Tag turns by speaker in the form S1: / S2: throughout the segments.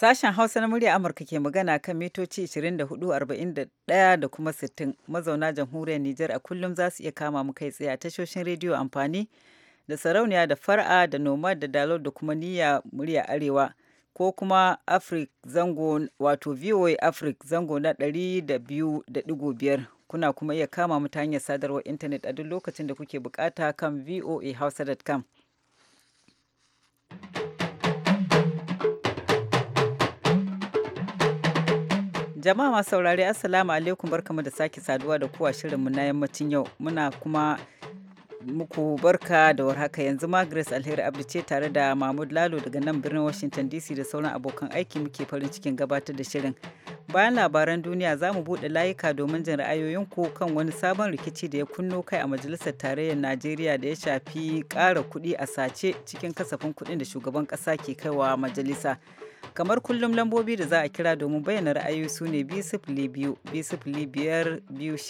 S1: Sashen Hausa na murya Amurka ke magana kan mitoci 24,41 da kuma 60 mazauna jamhuriyar Nijar a kullum za su iya kama mu kai tsaye a tashoshin rediyo amfani da sarauniya da far'a da noma da dalo da kuma niyya murya arewa ko kuma Afrik zango wato VOA Afrik zango na 200.5 kuna kuma iya kama mu ta hanyar sadarwar intanet a duk lokacin da kuke bukata kan voahausa.com. Jama'a masu saurare Assalamu alaikum barkamu da sake saduwa da kuwa shirinmu na yammacin yau muna kuma muku barka da warhaka yanzu ma Grace Alheri Abdu ce tare da Mahmud Lalo daga nan birnin Washington DC da sauran abokan aiki muke farin cikin gabatar da shirin. Bayan labaran duniya za mu buɗe layuka domin jin ra'ayoyinku kan wani sabon rikici da ya kunno kai a Majalisar Tarayyar Najeriya da ya shafi ƙara kuɗi a sace cikin kasafin kuɗin da shugaban ƙasa ke kaiwa majalisa. majalisa. kamar kullum lambobi da za a kira domin bayyana ra'ayoyi su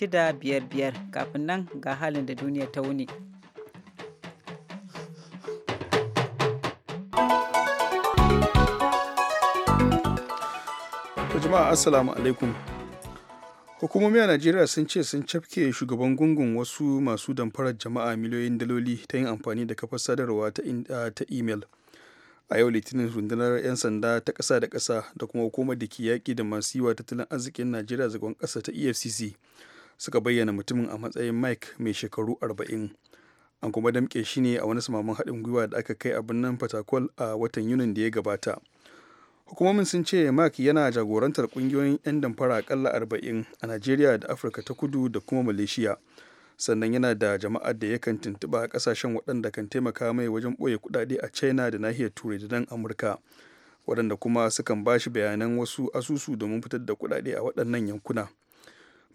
S1: ne biyar kafin nan ga halin da duniya ta wuni
S2: jama'a assalamu alaikum hukumomi a najeriya sun ce sun cafke shugaban gungun wasu masu damfarar jama'a miliyoyin daloli ta yin amfani da kafar sadarwa ta imel. a yau litinin rundunar 'yan sanda ta kasa da ƙasa da kuma hukumar da ke yaƙi da masu yiwa tattalin arzikin najeriya zagon kasa ta efcc suka bayyana mutumin a matsayin mike mai shekaru 40 an kuma damƙe shi ne a wani samaman haɗin gwiwa da aka kai a birnin fatakwal a watan yunin da ya gabata hukumomin sun ce mark yana jagorantar ƙungiyoyin 'yan damfara akalla 40 a najeriya da afirka ta kudu da kuma malaysia sannan yana da jama'ar da yakan tuntuɓa a kasashen waɗanda kan taimaka mai wajen ɓoye kuɗaɗe a china da nahiyar turai da nan amurka waɗanda kuma sukan ba shi bayanan wasu asusu domin fitar da kuɗaɗe a waɗannan yankuna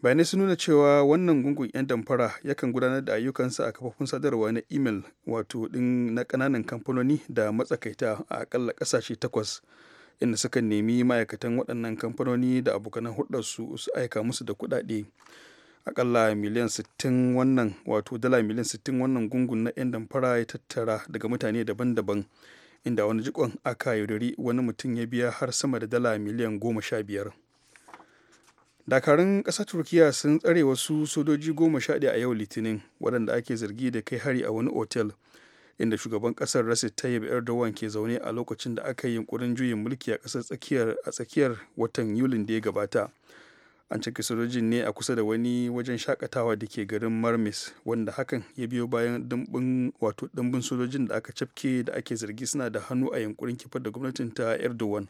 S2: bayanai sun nuna cewa wannan gungun 'yan damfara yakan gudanar da ayyukansa a kafofin sadarwa na imel wato ɗin na ƙananan kamfanoni da matsakaita a akalla ƙasashe takwas inda sukan nemi ma'aikatan waɗannan kamfanoni da abokanan hulɗarsu su aika musu da kuɗaɗe akalla miliyan 60 wannan wato dala miliyan 60 wannan gungun na 'yan damfara ya tattara daga mutane daban-daban inda wani jikon aka yaudari wani mutum ya biya har sama da dala miliyan 15 dakarun ƙasar turkiya sun tsare wasu sojoji goma sha a yau litinin waɗanda ake zargi da kai hari a wani otel inda shugaban ƙasar rasit tayyip erdogan ke zaune a lokacin da aka yi yunkurin juyin mulki a ƙasar a tsakiyar watan yulin da ya gabata an cike sojojin ne a kusa da wani wajen shakatawa da ke garin marmis wanda hakan ya biyo bayan dimbin wato dimbin sojojin da aka cafke da ake zargi suna da hannu a yankurin kifar da gwamnatin ta erdogan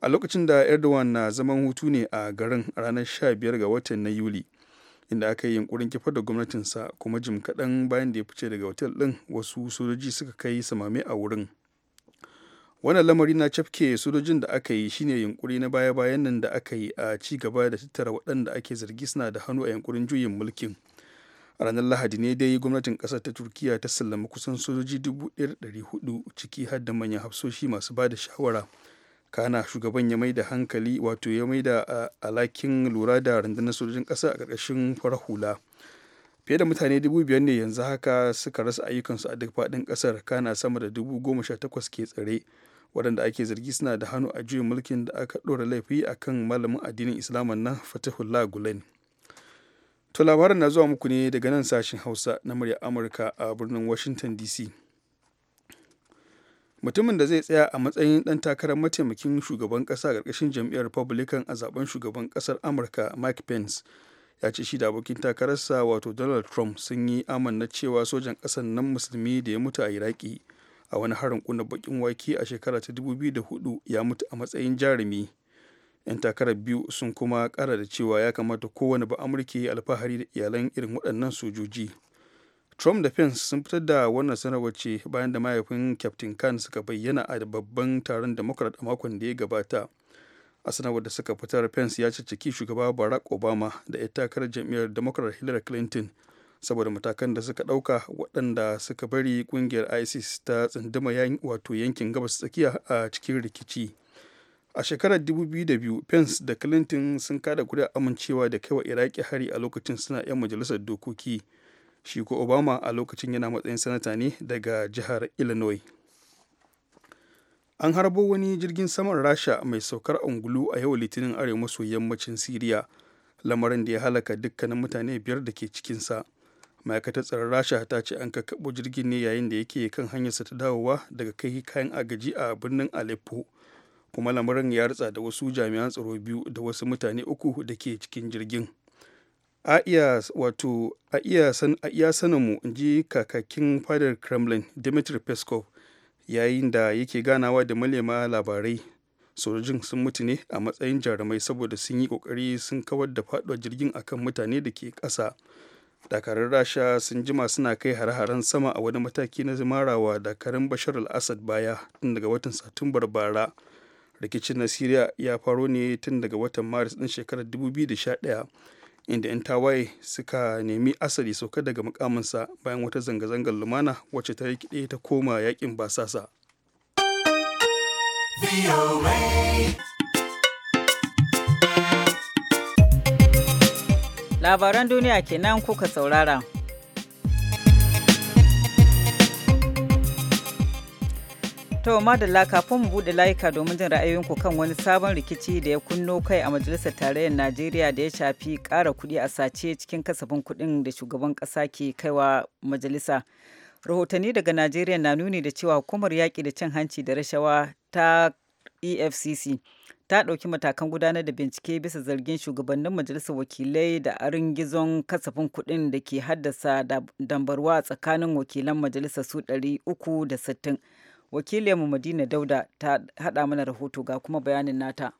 S2: a lokacin da erdogan na zaman hutu ne a garin ranar 15 ga watan na yuli inda aka yi yunkurin kifar da gwamnatinsa kuma jim kaɗan bayan da ya fice daga otel ɗin wasu sojoji suka kai samame a wurin wannan lamari na cafke sojojin da aka yi shine yunkuri na baya-bayan nan da aka yi a ci gaba da tattara waɗanda ake zargi suna da hannu a yunkurin juyin mulkin a ranar lahadi ne dai gwamnatin ƙasar ta turkiya ta sallama kusan sojoji 1,400 ciki har da manyan hafsoshi masu ba da shawara kana shugaban ya mai da hankali wato ya mai da alakin lura da rundunar sojojin ƙasa a ƙarƙashin farar hula fiye da mutane dubu biyar ne yanzu haka suka rasa ayyukansu a duk faɗin ƙasar kana sama da dubu goma sha takwas ke tsare waɗanda ake zargi suna da hannu a juyin mulkin da aka ɗora laifi a kan malamin addinin islaman na fatihullah gulen to labarin na zuwa muku ne daga nan sashen hausa na murya amurka a birnin washington dc mutumin da zai tsaya a matsayin ɗan takarar mataimakin shugaban ƙasa a ƙarƙashin jam'iyyar republican a zaben shugaban ƙasar amurka mike pence ya ce shi da abokin takararsa wato donald trump sun yi amanna cewa sojan ƙasar nan musulmi da ya mutu a iraki a wani harin kuna bakin wake a shekara ta 2004 ya mutu a matsayin jarumi 'yan takarar biyu sun kuma kara da cewa ya kamata kowane ba amurke alfahari da iyalan irin waɗannan sojoji trump da pence sun fitar da wannan sanarwar ce bayan da mahaifin captain khan suka bayyana a babban taron democrat a makon da ya gabata a sanarwar da suka fitar pence ya cicciki shugaba barack obama da 'yan takarar jam'iyyar democrat hillary clinton saboda matakan da suka ɗauka waɗanda suka bari ƙungiyar isis ta tsunduma wato yankin gabas tsakiya a cikin rikici a shekarar 2002 pence da clinton sun kada kuri'a amincewa da kai wa iraki hari a lokacin suna 'yan majalisar dokoki shi ko obama a lokacin yana matsayin sanata ne daga jihar illinois an harbo wani jirgin saman rasha mai saukar angulu a yau litinin arewa maso yammacin siriya lamarin da ya halaka dukkanin mutane biyar da ke cikinsa ma'aikatar tsaron rasha ta ce an kakkaɓo jirgin ne yayin da yake kan hanyarsa ta dawowa daga kai kayan agaji a birnin aleppo kuma lamarin ya ritsa da wasu jami'an tsaro biyu da wasu mutane uku da ke cikin jirgin a iya wato a iya mu ji kakakin fadar kremlin dimitri peskov yayin da yake ganawa da malema labarai sojojin sun mutu ne a matsayin jarumai saboda sun yi kokari sun kawar da faɗuwar jirgin akan mutane da ke ƙasa dakarun rasha sun jima suna kai hare-haren sama a wani mataki na marawa dakarun bashar al-assad baya tun daga watan satumbar bara rikicin na syria ya faro ne tun daga watan maris din shekarar 2011 inda 'yan tawaye suka nemi asali sauka daga mukaminsa bayan wata zanga-zangar lumana wacce ta rikide ta koma yakin basasa
S1: labaran duniya kenan kuka saurara To madalla kafin mu buɗe layuka domin jin ra'ayoyinku kan wani sabon rikici da ya kunno kai a Majalisar Tarayyar Najeriya da ya shafi ƙara kuɗi a sace cikin kasafin kuɗin da shugaban ƙasa ke kaiwa majalisa. Rahotanni daga Najeriya na nuni da cewa hukumar yaƙi da cin hanci da rashawa ta efcc ta ɗauki matakan gudanar da bincike bisa zargin shugabannin majalisar wakilai da arin gizon kasafin kuɗin da ke haddasa dambarwa tsakanin wakilan majalisar su 360 mu madina dauda ta haɗa mana rahoto ga kuma bayanin nata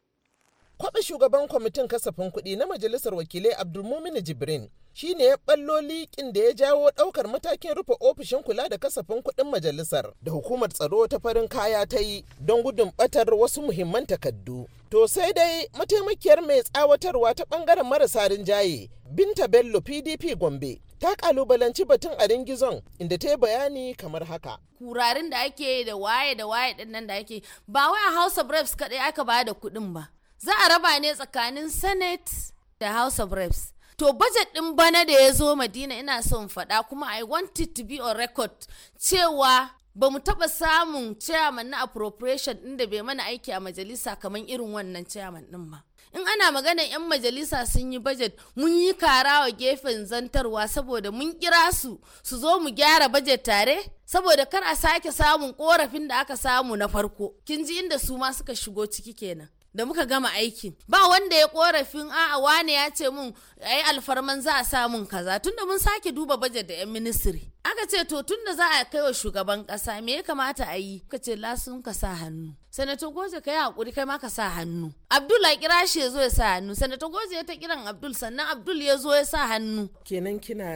S3: kwaɓe shugaban kwamitin kasafin kuɗi na majalisar wakilai Abdulmumin Jibrin shi ne ya ɓallo liƙin da ya jawo ɗaukar matakin rufe ofishin kula da kasafin kuɗin majalisar da hukumar tsaro ta farin kaya ta yi don gudun ɓatar wasu muhimman takardu. To sai dai mataimakiyar mai tsawatarwa ta ɓangaren marasa rinjaye Binta Bello PDP Gombe ta kalubalanci batun a ringizon inda ta yi bayani kamar haka.
S4: Kurarin da ake da waye da waye ɗin da ake ba wai a House of Reps kaɗai aka bada kuɗin ba. za a raba ne tsakanin senate da house of reps to budget din bana da ya zo madina ina son faɗa kuma i want it to be on record cewa ba mu taɓa samun chairman na appropriation ɗin da bai mana aiki a majalisa kamar irin wannan chairman ɗin ba in ana magana 'yan majalisa sun yi bajet mun yi kara wa gefen zantarwa saboda mun kira su su zo mu gyara bajet tare saboda kar a sake samun korafin da aka samu na farko kin ji inda su ma suka shigo ciki kenan da muka gama aikin ba wanda ya korafin a'a wane ya ce mun ai alfarman za a sa mun kaza tunda mun sake duba bajet da yan ministry aka ce to tunda za a kai wa shugaban kasa me ya kamata a yi ka ce lasun ka sa hannu sanato goje ka yi hakuri kai ma ka sa hannu abdul a kira shi ya zo ya sa hannu sanato goje ya ta kiran abdul sannan abdul ya zo ya sa hannu kenan kina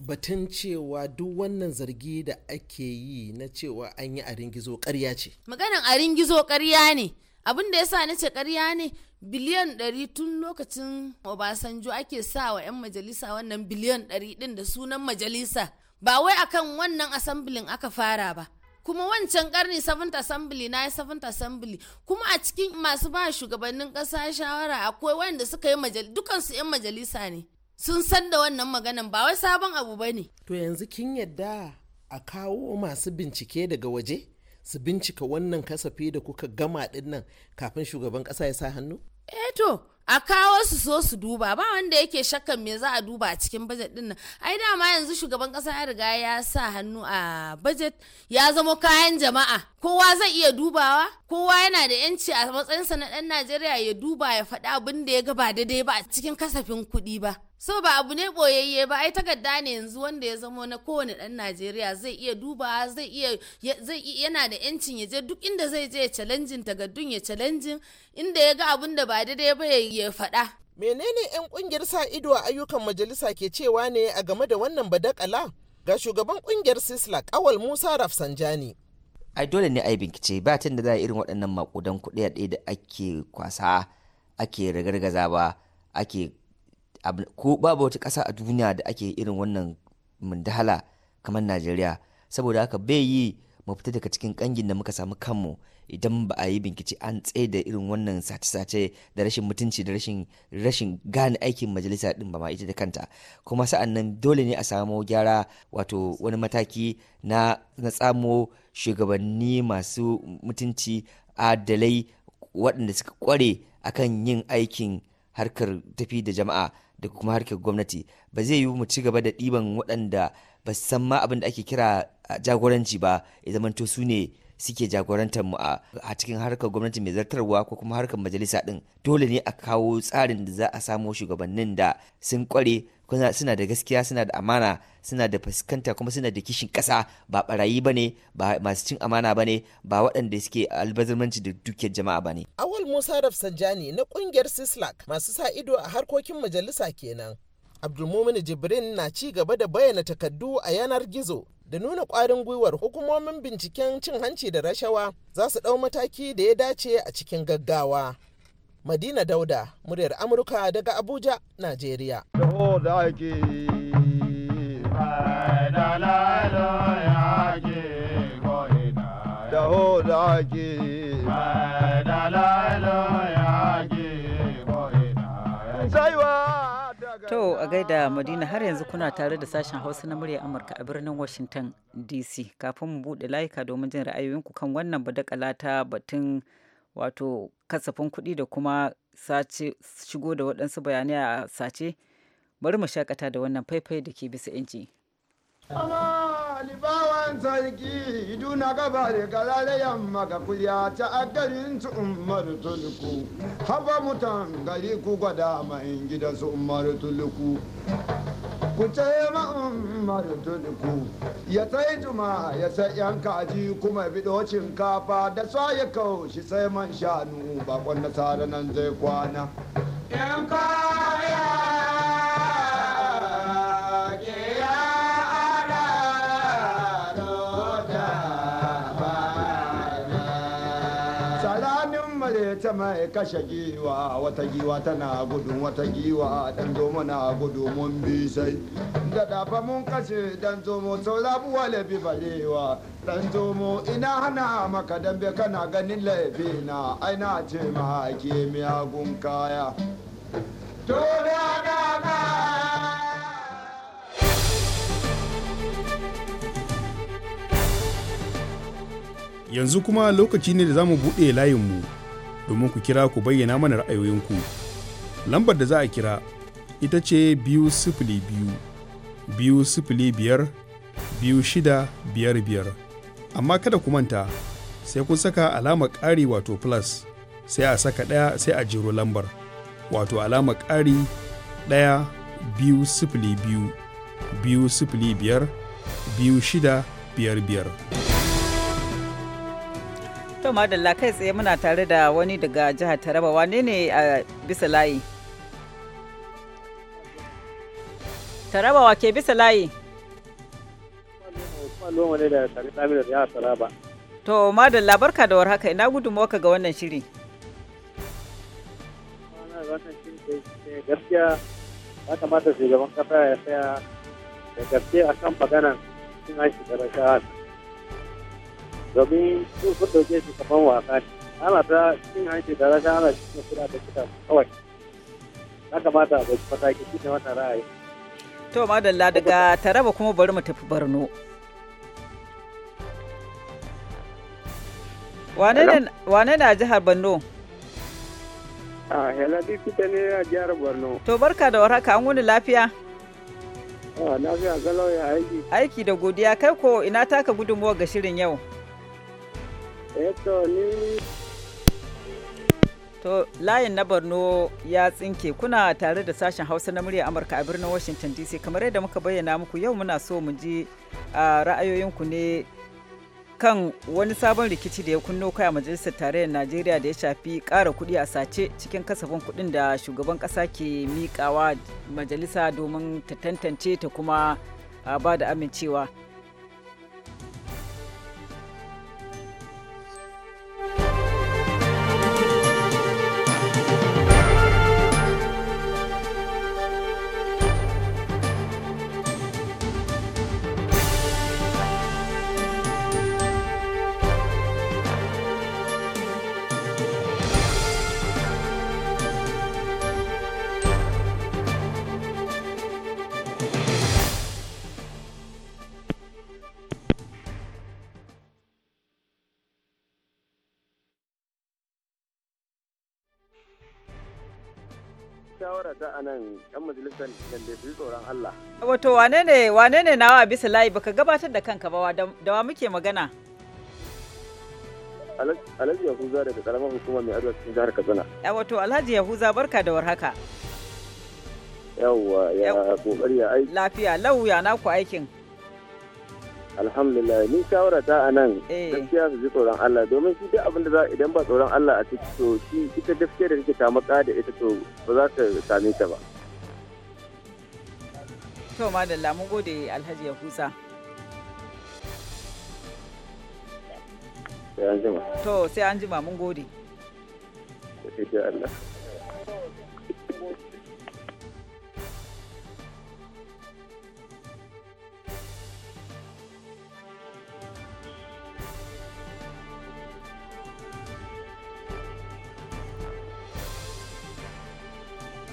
S4: batun cewa
S3: duk wannan zargi da ake yi na cewa an yi a ringizo karya ce
S4: maganin a ringizo karya ne abin da ya sa nace karya ne biliyan ɗari tun lokacin obasanjo ake sa wa 'yan majalisa wannan biliyan ɗari ɗin da sunan majalisa ba wai akan wannan asambilin aka fara ba kuma wancan karni 7th assembly na 7th assembly kuma a cikin masu ba shugabannin ƙasa shawara akwai wanda suka yi majalisa dukansu 'yan majalisa ne sun san da wannan maganan ba wai sabon abu ba ne to yanzu kin
S3: yadda a kawo masu bincike daga waje su bincika wannan kasafi da kuka gama din kafin shugaban ƙasa ya sa hannu?
S4: Eh to, a kawo su so su duba ba wanda yake shakkan me za a duba a cikin bajet din nan ai dama yanzu shugaban kasa ya riga ya sa hannu a bajet ya zama kayan jama'a kowa zai iya dubawa kowa yana da yanci a matsayinsa na dan najeriya ya duba ya faɗa abin da ya ga ba daidai ba a cikin kasafin kuɗi ba so ba abu ne boyayye ba ai takarda ne yanzu wanda ya zamo na kowane dan najeriya zai iya duba zai iya zai yana da yancin ya je duk inda zai je ya challenging tagaddun ya challenging inda ya ga abin da ba daidai ba ya faɗa. menene
S3: 'yan ƙungiyar sa ido a ayyukan majalisa ke cewa ne a game da wannan badakala ga shugaban ƙungiyar sislak ƙawal musa rafsanjani
S5: ai dole ne ai bincike ba tun da za a irin waɗannan makudan kuɗi da ake kwasa ake ragargaza ba ake ko babu wata ƙasa a duniya da ake irin wannan mundahala kamar najeriya saboda haka bai yi mu fita daga cikin ƙangin da muka samu kanmu idan ba a yi binkici an tsaye da irin wannan sace-sace da rashin mutunci da rashin rashin gane aikin majalisa din ba ma ita da kanta kuma sa'an nan dole ne a samo gyara wato wani mataki na na tsamo shugabanni masu mutunci adalai waɗanda suka kware akan yin aikin harkar tafi da jama'a da kuma harkar gwamnati ba zai yiwu mu ci gaba da ɗiban waɗanda ba san ma abin da ake kira jagoranci ba ya zamanto su ne suke jagorantar mu a cikin harkar gwamnati mai zartarwa ko kuma harkar majalisa din dole ne a kawo tsarin da za a samo shugabannin da sun kware suna da gaskiya suna da amana suna da fuskanta kuma suna da kishin kasa ba barayi bane ba masu cin amana bane ba waɗanda suke albazirmanci da dukiyar jama'a bane
S3: awal musa rafsanjani na kungiyar sislak masu sa ido a harkokin majalisa kenan abdulmumin jibrin na ci gaba da bayyana takardu a yanar gizo da nuna ƙwarin gwiwar hukumomin binciken cin hanci da rashawa za su ɗau mataki da ya dace a cikin gaggawa. Madina Dauda, muryar Amurka daga Abuja, Najeriya.
S6: Da
S1: To a gaida Madina har yanzu kuna tare da sashen Hausa na murya Amurka a birnin Washington DC kafin mu buɗe layuka domin jin ra'ayoyinku kan wannan badakala ta batun wato kasafin kuɗi da kuma sace shigo da waɗansu bayanai a sace bari mu shakata da wannan faifai da ke bisa 'yanci.
S6: libawan sarki duna gaba da kalale yamma ga kuyata ta agarin su umar tuluku. haba mutan gari ku gwada mai gidan su umar tuluku, ku ce ma umar tuluku. ya sai juma ya sai yan kaji kuma bido shinkafa da sa ya kaushi sai man shanu bakon nasara nan zai kwana yan ita mai kashe giwa wata giwa tana gudu wata giwa dan zomo na gudu mun bi sai da dafa mun kashe dan zomo sau zabuwa laifi balewa dan zomo ina hana maka dambe kana ganin laifi na aina ce ma ke miyagun kaya
S2: yanzu kuma lokaci ne da za mu buɗe layinmu domin ku kira ku bayyana mana ra'ayoyinku. Lambar da za a kira ita ce biyu sifili biyu, biyu sifili biyar, biyu shida biyar biyar. Amma kada ku manta sai kun saka alamar ƙari wato plus sai a saka ɗaya sai a jiro lambar. Wato alamar ƙari ɗaya biyu sifili biyu, biyu sifili biyar, biyu shida biyar biyar.
S1: To madalla kai tsaye muna tare da wani daga jihar Taraba wane ne a bisa layi? Taraba wa ke bisa layi? To madalla barka da war haka ina gudunmawarka ga wannan shiri.
S7: gaskiya ya kamata shugaban kasa ya saya da gaske akan maganan cin aiki da rashawa domin su sun dauke su kafan wasa ne ana ta cin hanci da rasha ana cikin kuɗa da kuɗa kawai Na kamata a ɗauki mataki shi ne wata ra'ayi.
S1: to madalla daga taraba kuma bari mu tafi barno. wane na jihar borno.
S6: a ah, helabi fita ne a jihar borno.
S1: to barka da warhaka an wuni lafiya. Ah, lafiya galau ya aiki. aiki da godiya kai ko ina taka gudunmuwa ga shirin yau. eto to layin na borno ya tsinke kuna tare da sashen hausa na murya amurka a birnin washington dc kamar yadda muka bayyana muku yau muna so mu ji ra'ayoyinku ne kan wani sabon rikici da ya kunno kai a majalisar tarayyar najeriya da ya shafi ƙara kuɗi a sace cikin kasafin kuɗin da shugaban ƙasa ke mikawa majalisa domin ta tantance ta kuma ba da amincewa
S4: shawara ta a
S7: nan yan majalisar da da su tsoron Allah.
S1: Wato wane ne wane ne nawa a bisa layi baka gabatar da kanka ba da wa muke magana?
S7: Alhaji Yahuza daga karamar hukumar mai arewa cikin jihar Katsina.
S1: Ya wato Alhaji Yahuza barka da warhaka.
S7: Yawwa ya kokari ya aiki.
S1: Lafiya lau ya naku aikin.
S7: alhamdulillah ni shawara ta a nan eh. gaskiya su ji tsoron Allah domin shi duk abin da za idan ba tsoron Allah a ciki to shi ita gaskiya da take ta maka da ita to ba za ta same ta ba
S1: to madalla mun gode Alhaji Yakusa sai an jima to sai an jima mun gode sai Allah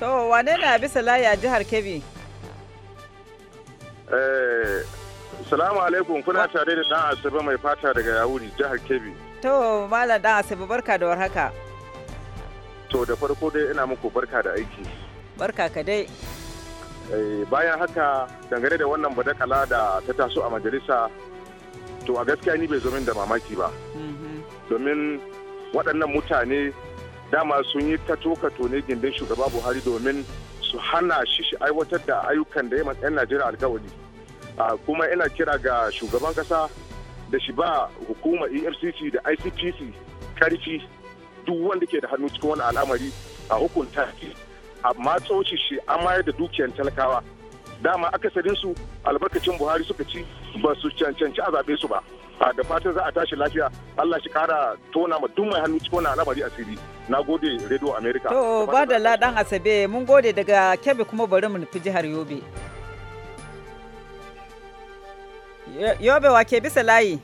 S1: To wane na bisa laya a jihar Kebbi?
S6: Eh, salamu alaikum kuna tare da dan asibe mai fata daga Yawuri jihar Kebbi.
S1: To malam dan asibe barka da warhaka.
S6: To da farko dai ina muku barka da aiki.
S1: Barka ka dai.
S6: Eh, bayan haka dangane da wannan badakala da ta taso a majalisa to a gaskiya ni bai zo min da mamaki ba. Mhm. Domin waɗannan mutane dama sun yi ta toka ne gindin shugaba buhari domin su hana shi aiwatar da ayyukan da ya matsayin najeriya alkawari kuma ina kira ga shugaban kasa da shi ba hukumar efcc da icpc karfi duk wanda ke da hannu cikin wani al'amari a hukunta amma tsoci shi mayar da dukiyar talakawa dama akasarinsu albarkacin buhari suka ci ba su cancanci a zaɓe su ba a da fatan za a tashi lafiya Allah shi kara tona ma duk mai hannu cikin labari al'amari asiri na gode radio america to ba da
S1: ladan asabe mun gode daga kebe kuma bari mu nufi jihar yobe yobe wa ke bisa layi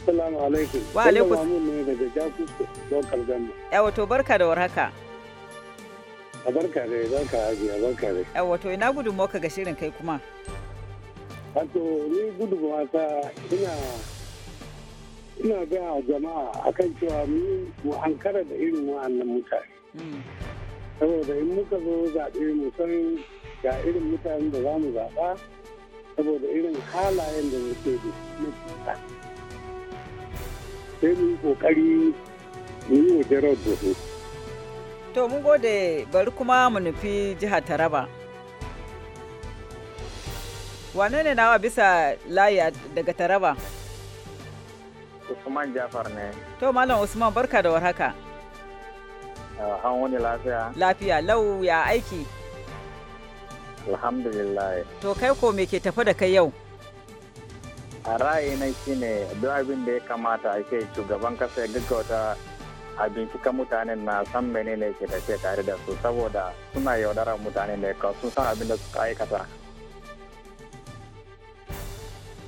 S7: Assalamu alaikum. Wa alaikum. Salamu ne daga jakusu don Gamba.
S1: Yawa to barka da warhaka.
S7: A barka dai, barka a barka da
S1: Yawa to ina gudunmuwa ka ga shirin kai kuma. wato
S7: ni gudunmawa ta ina ina ga jama'a akan cewa mu mu hankara da irin wa'annan mutane hmm. saboda in muka zo zaɓe mu san ga irin mutanen da za mu zaɓa saboda irin
S1: halayen da muke da na
S7: sai mu yi ƙoƙari mu yi wa da su.
S1: To mun gode bari kuma mu nufi jihar Taraba. wane ne nawa bisa layi daga taraba
S7: usman jafar ne
S1: to malam usman barka da warhaka
S7: an wani lafiya
S1: lafiya lau ya aiki
S7: alhamdulillah
S1: to kai ko me ke tafi da kai yau
S7: a ra'ayina shine duk abin da ya kamata ake shugaban kasa ya gaggauta a bincika mutanen na san menene ke tafiya tare da su saboda suna
S1: yaudarar mutane ne sun san abin da suka aikata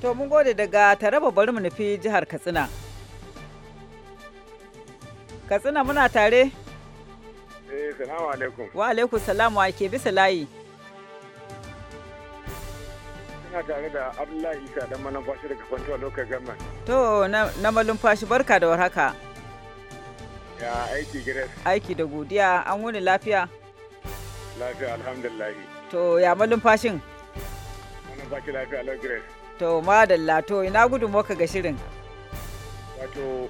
S1: To mun gode daga Taraba bari mu nufi jihar Katsina. Katsina muna tare?
S6: Eh, salamu alaikum. Wa
S1: alaikum salamu wa ke bisa layi.
S6: Ina tare da Abdullahi Isa dan malumfashi daga Kwantuwa Local Government.
S1: To, na malumfashi barka da warhaka.
S6: Ya
S8: aiki gires?
S1: Aiki da godiya, an wuni lafiya?
S8: Lafiya, alhamdulillah.
S1: To, ya malumfashin?
S8: Malumfashi lafiya, lokacin Grace.
S1: To madalla to ina gudun maka ga shirin.
S6: Wato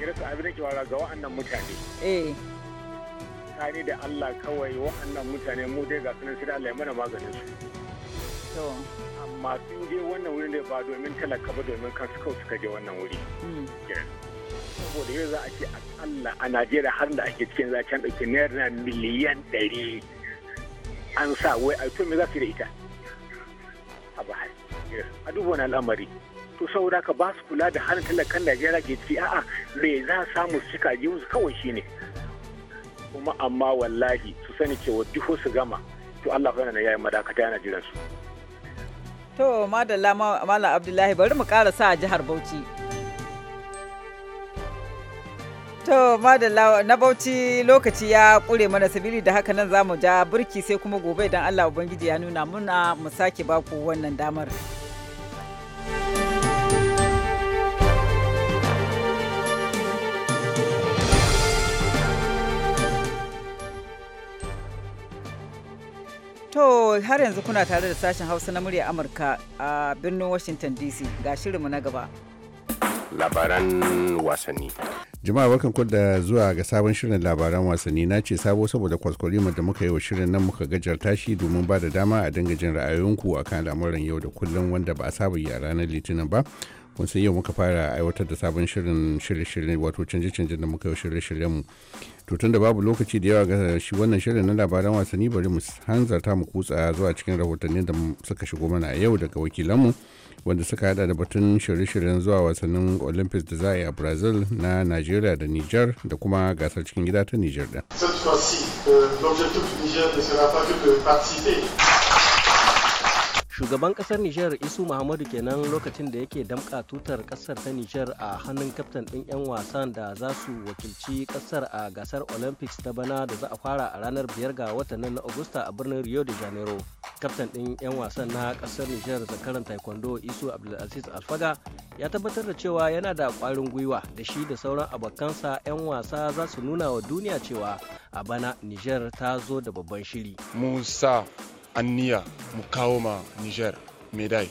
S6: girka abin da ke wara ga wa'annan mutane. Eh. Tare da Allah kawai wa'annan mutane mu dai ga sunan sai da Allah ya mana maganin su. To. Amma sun je wannan wurin da ba domin talaka ba domin kansu kawai suka je wannan wuri. Hmm. Saboda yau za a ce tsalla a Najeriya har da ake cikin za a can ɗauki naira miliyan ɗari an sa wai a to me za su da ita. ba hasi. a duk
S7: wani al'amari to saboda ka ba su kula da hana talakan najeriya ke ci a'a me za samu su cika su kawai shine kuma amma wallahi su sani cewa duho su gama to allah fana na yayin madakata yana jiran su
S1: to madalla malam abdullahi bari mu karasa a jihar bauchi To madalla na bauchi lokaci ya ƙure mana sabili da haka nan za mu ja burki sai kuma gobe idan Allah Ubangiji ya nuna muna mu sake baku wannan damar. To har yanzu kuna tare da sashen Hausa na murya Amurka a birnin Washington DC ga shirinmu na gaba.
S8: Labaran wasanni. jama'a barkan ku da zuwa ga sabon shirin labaran wasanni na ce sabo saboda kwaskwarima da muka yi wa shirin nan muka gajarta shi domin ba da dama a dinga jin ra'ayoyinku akan al'amuran yau da kullum wanda ba a saba yi a ranar litinin ba kun san yau muka fara aiwatar da sabon shirin shirye-shirye wato canje-canje da muka yi shirye-shiryen mu to da babu lokaci da yawa ga shi wannan shirin na labaran wasanni bari mu hanzarta mu kutsa zuwa cikin rahotanni da suka shigo mana a yau daga wakilan mu wanda suka hada da batun shirye-shiryen zuwa wasannin olympics da za a yi a brazil na nigeria da niger da kuma gasar cikin gida ta niger din.
S6: Cette fois-ci, euh, l'objectif du Niger ne sera
S9: pas que shugaban kasar niger isu muhammadu kenan lokacin da yake damka tutar kasar ta nijar a hannun kaftan din 'yan wasan da za su wakilci kasar a gasar olympics ta bana da za a fara a ranar biyar ga watan na agusta a birnin rio de janeiro kaftan din 'yan wasan na kasar nijar zakaran taekwondo isu abdulaziz alfaga ya tabbatar da cewa yana da kwarin gwiwa da shi da sauran abokansa 'yan wasa za su nuna wa duniya cewa a bana nijar ta zo da babban shiri
S6: musa anniya mu kawo ma Niger medai.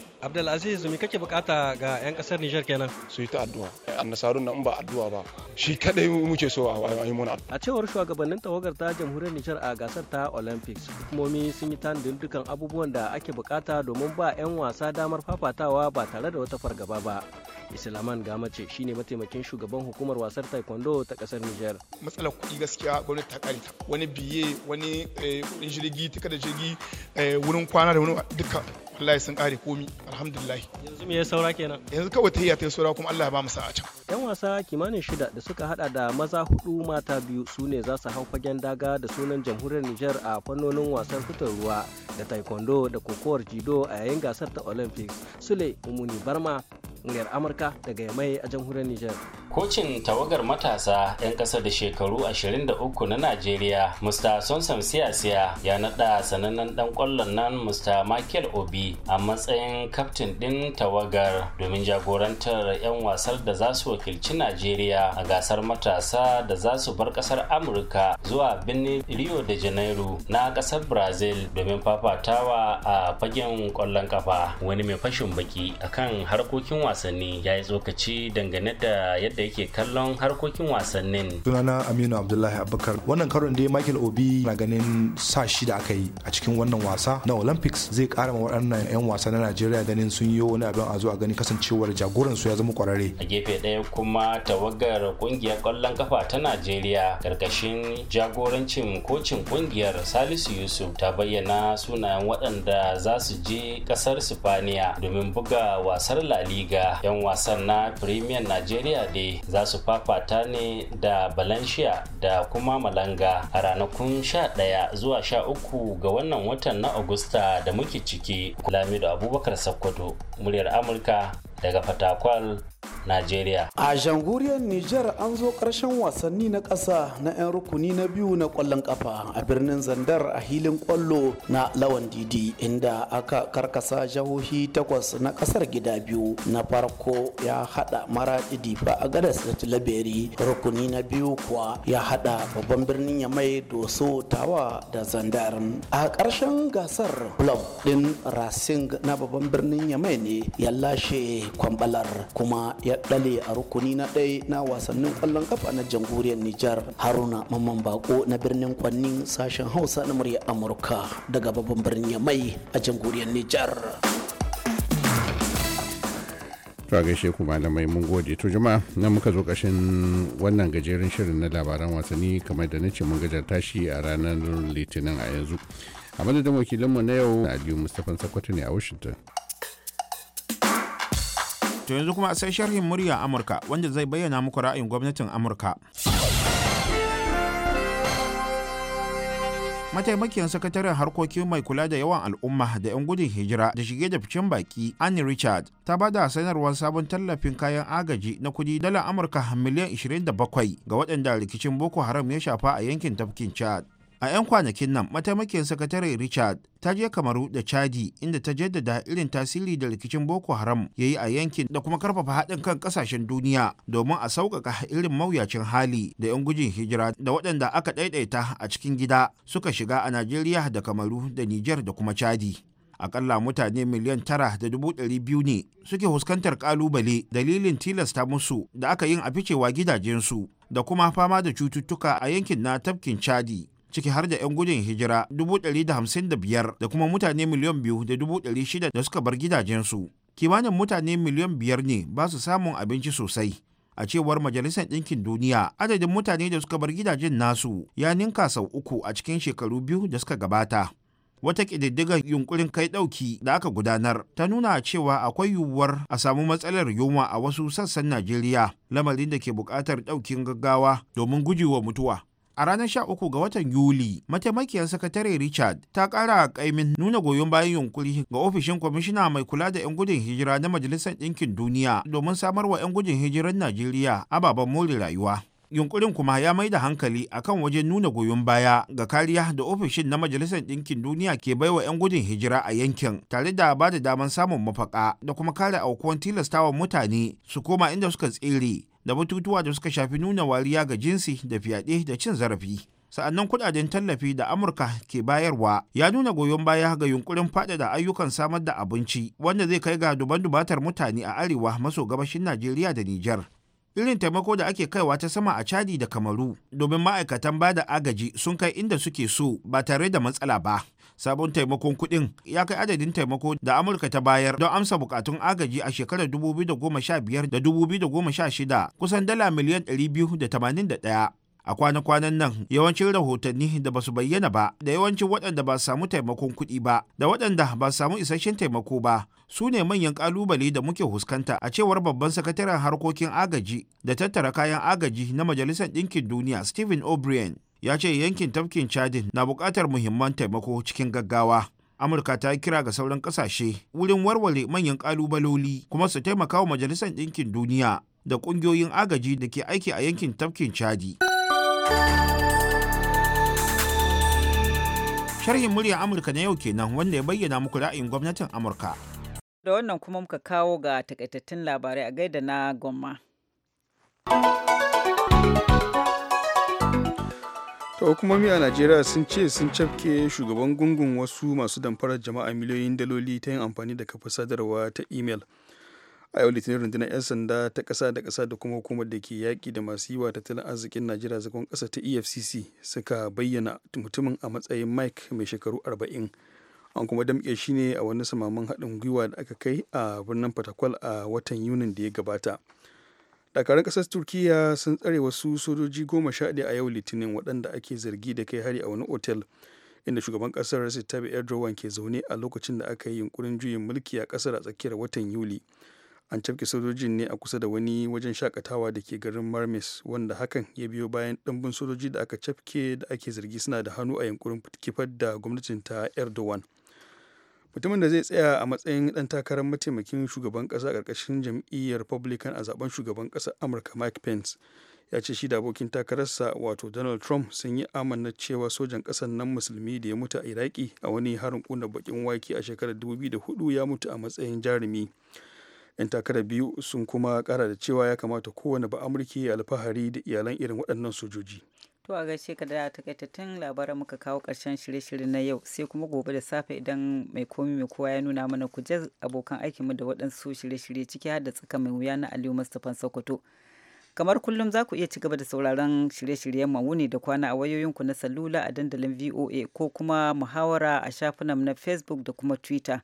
S9: Aziz me kake bukata ga 'yan kasar Niger kenan? Su yi ta addu'a. Annasarun nan ba addu'a ba.
S6: Shi kadai muke so a yi muna.
S9: A cewar shugabannin tawagar ta jamhuriyar Niger a gasar ta Olympics, hukumomi sun yi tanadin dukkan abubuwan da ake bukata domin ba 'yan wasa damar fafatawa ba tare da wata fargaba ba. isilaman gama ce shine mataimakin shugaban hukumar wasar taekwondo
S2: ta kasar niger matsalar kuɗi gaskiya gwamnati ta karita wani biye wani kuɗin eh, jirgi tuka da jirgi eh, wurin kwana da wani duka wallahi sun kare komi alhamdulillah yanzu
S9: me ya saura kenan yanzu kawai ta ta saura kuma Allah ya ba mu sa'a can yan wasa kimanin shida da suka hada da maza hudu mata biyu su ne za su hau fagen daga da sunan jamhuriyar niger a fannonin wasan fitar ruwa da taekwondo da kokowar jido a yayin gasar ta Olympics Sule Umuni Barma muryar amurka daga yamai a jamhuriyar nijar
S7: kocin tawagar matasa 'yan ƙasa da shekaru 23 na najeriya mr sonson siyasiya ya naɗa sanannen ɗan kwallon nan mr michael obi a matsayin kaftin ɗin tawagar domin jagorantar 'yan wasar da za su wakilci najeriya a gasar matasa da za su bar ƙasar amurka zuwa birnin rio de janeiro na ƙasar brazil domin fafatawa a fagen ƙwallon kafa wani mai fashin baki akan harkokin wasa wasanni ya yi tsokaci dangane da yadda yake kallon harkokin wasannin.
S6: Sunana Aminu Abdullahi Abubakar. Wannan karon dai Michael Obi na ganin sa shi da aka yi a cikin wannan wasa na Olympics zai kara waɗannan 'yan wasa na Najeriya ganin sun yi wani abin a ganin gani kasancewar jagoran su ya zama kwararre.
S7: A gefe ɗaya kuma tawagar kungiyar kwallon kafa ta Najeriya karkashin jagorancin kocin kungiyar Salisu Yusuf ta bayyana sunayen waɗanda za su je ƙasar Sifaniya domin buga wasar La Liga 'yan wasan na premier nigeria ne za su fafata ne da valencia da kuma malanga a ranakun 11 zuwa 13 ga wannan watan na agusta da muke ciki lamido abubakar sakkwato muryar amurka daga fatakwal Najeriya.
S3: A jamhuriyar Nijar an zo ƙarshen wasanni na ƙasa na 'yan rukuni na biyu na ƙwallon ƙafa a birnin Zandar a hilin ƙwallo na Lawan Didi inda aka karkasa jihohi takwas na ƙasar gida biyu na farko ya haɗa didi ba. a Gadas da Tilaberi rukuni na biyu kuwa ya haɗa babban birnin Yamai Doso Tawa da Zandar. A ƙarshen gasar club ɗin Racing na babban birnin Yamai ne ya lashe kwambalar kuma ya ya ɗale a rukuni na ɗaya na wasannin ƙwallon kafa na jamhuriyar Nijar Haruna Mamman Bako na birnin kwannin sashen Hausa na murya Amurka daga babban birnin mai a jamhuriyar Nijar.
S8: to a gaishe ku malamai mun gode to jama'a na muka zo kashin wannan gajeren shirin na labaran wasanni kamar da na nace mun gajar tashi a ranar litinin a yanzu a madadin wakilinmu na yau aliyu mustapha sakwato ne a washington
S6: To yanzu kuma sai sharhin murya Amurka wanda zai bayyana muku ra'ayin gwamnatin Amurka. mataimakin sakataren harkokin mai kula da yawan al'umma da 'yan gudun hijira da shige da ficen baki annie richard ta bada sanarwar sabon tallafin kayan agaji na kudi dala amurka miliyan 27 ga waɗanda rikicin boko haram ya shafa a yankin tafkin chad a 'yan kwanakin nan mataimakin sakatare richard ta je kamaru da chadi inda ta jaddada irin tasiri da rikicin boko haram ya yi a yankin da kuma karfafa haɗin kan ƙasashen duniya domin a sauƙaƙa irin mawuyacin hali da 'yan gujin hijira da waɗanda aka ɗaiɗaita a cikin gida suka shiga a najeriya da kamaru da niger da kuma chadi akalla mutane miliyan tara da dubu ɗari biyu ne suke fuskantar kalubale dalilin tilasta musu da aka yin a ficewa gidajensu da kuma fama da cututtuka a yankin na tafkin chadi ciki har da 'yan gudun hijira ɗari da kuma mutane miliyan biyu da shida da suka bar gidajensu. Kimanin mutane miliyan biyar ne ba su samun abinci sosai. A cewar Majalisar Ɗinkin Duniya, adadin mutane da suka bar gidajen nasu ya ninka sau uku a cikin shekaru biyu da suka gabata. wata ƙididdigar yunkurin kai ɗauki da aka gudanar ta nuna cewa akwai yiwuwar a samu matsalar yunwa a wasu sassan najeriya lamarin da ke buƙatar ɗaukin gaggawa domin gujewa mutuwa A ranar 13 ga watan Yuli, mataimakiyar sakatare Richard ta ƙara kaimin nuna goyon bayan yunkuri ga ofishin kwamishina mai kula da 'yan gudun hijira na Majalisar Ɗinkin Duniya domin samar wa 'yan gudun hijirar Najeriya ababen more rayuwa. yunkurin kuma ya mai da hankali akan wajen nuna goyon baya ga kariya da ofishin na majalisar ɗinkin duniya ke baiwa 'yan gudun hijira a yankin tare da ba da daman samun mafaka da kuma kare aukuwan tilastawa mutane su koma inda suka tsere da batutuwa da suka shafi nuna wariya ga jinsi da fyaɗe da cin zarafi. sa'annan kudaden tallafi da amurka ke bayarwa ya nuna goyon baya ga yunkurin faɗaɗa ayyukan samar da abinci wanda zai kai ga duban-dubatar mutane a arewa maso gabashin najeriya da nijar irin taimako da ake kaiwa ta sama a chadi da kamaru domin ma'aikatan bada agaji sun kai inda suke so ba tare da matsala ba sabon taimakon kuɗin ya kai adadin taimako da amurka ta bayar don amsa bukatun agaji a shekarar 2015 da 2016 kusan dala miliyan 281 a kwana-kwanan nan yawancin rahotanni da ba su bayyana ba da yawancin waɗanda ba samu taimakon kuɗi ba da waɗanda ba samu isasshen taimako ba su ne manyan ƙalubale da muke huskanta a cewar babban sakataren harkokin agaji da tattara kayan agaji na majalisar ɗinkin duniya stephen o'brien ya ce yankin tafkin chadin na buƙatar muhimman taimako cikin gaggawa amurka ta kira ga sauran ƙasashe wurin warware manyan ƙalubaloli kuma su taimaka wa majalisar ɗinkin duniya da ƙungiyoyin agaji da ke aiki a yankin tafkin chadi. Sharhin murya Amurka na yau kenan wanda ya bayyana muku ra'ayin gwamnatin Amurka.
S1: Da wannan kuma muka kawo ga takaitattun labarai a gaida na goma.
S2: ta hukumomi a najeriya sun ce sun cafke shugaban gungun wasu masu damfarar jama'a miliyoyin daloli ta yin amfani da kafa sadarwa ta imel. a yau litinin rundunar 'yan sanda ta kasa da kasa da kuma hukumar da ke yaƙi da masu yi wa tattalin arzikin najeriya zagon ƙasa ta efcc suka bayyana mutumin a matsayin mike mai shekaru 40 an kuma damƙe shi ne a wani samaman haɗin gwiwa da aka kai a birnin fatakwal a watan yunin da ya gabata dakarun ƙasar turkiya sun tsare wasu sojoji goma sha ɗaya a yau litinin waɗanda ake zargi da kai hari a wani otel inda shugaban ƙasar recep tayyip erdogan ke zaune a lokacin da aka yi yunkurin juyin mulki a ƙasar a tsakiyar watan yuli an cafke sojojin ne a kusa da wani wajen shakatawa da ke garin marmis wanda hakan ya biyo bayan ɗanbin sojoji da aka cafke da ake zargi suna da hannu a yankurin kifar da gwamnatin ta erdogan mutumin da zai tsaya a matsayin ɗan takarar mataimakin shugaban ƙasa a ƙarƙashin jam'iyyar republican a zaben shugaban ƙasar amurka mike pence ya ce shi da abokin takararsa wato donald trump sun yi amanna cewa sojan ƙasar nan musulmi da ya mutu a iraki a wani harin kuna bakin wake a shekarar 2004 ya mutu a matsayin jarumi 'yan takarar biyu sun kuma kara da cewa ya kamata kowane ba amurki ya alfahari da iyalan irin waɗannan sojoji
S1: to a gaishe ka da takaitattun labaran muka kawo ƙarshen shirye-shirye na yau sai kuma gobe da safe idan mai komi mai kowa ya nuna mana ku je abokan aikin mu da waɗansu shirye-shirye ciki har da tsaka mai wuya na aliyu mustapha sokoto kamar kullum za ku iya ci gaba da sauraron shirye-shiryen mawuni da kwana a wayoyinku na salula a dandalin voa ko kuma muhawara a shafinan na facebook da kuma twitter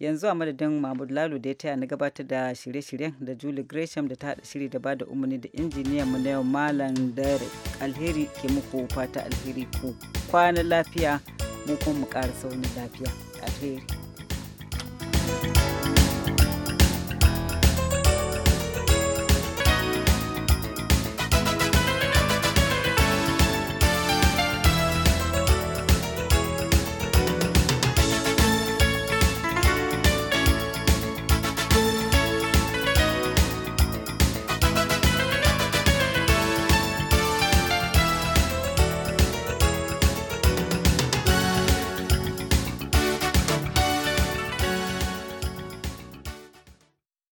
S1: yanzu a madadin mahmud lalu da ya taya na gabatar da shirye-shiryen da juli gresham da ta haɗa shiri da bada umarni da injiniyan mu na yau malam da alheri ke muku fata alheri ku kwana lafiya mu kuma mu ƙara saunin lafiya alheri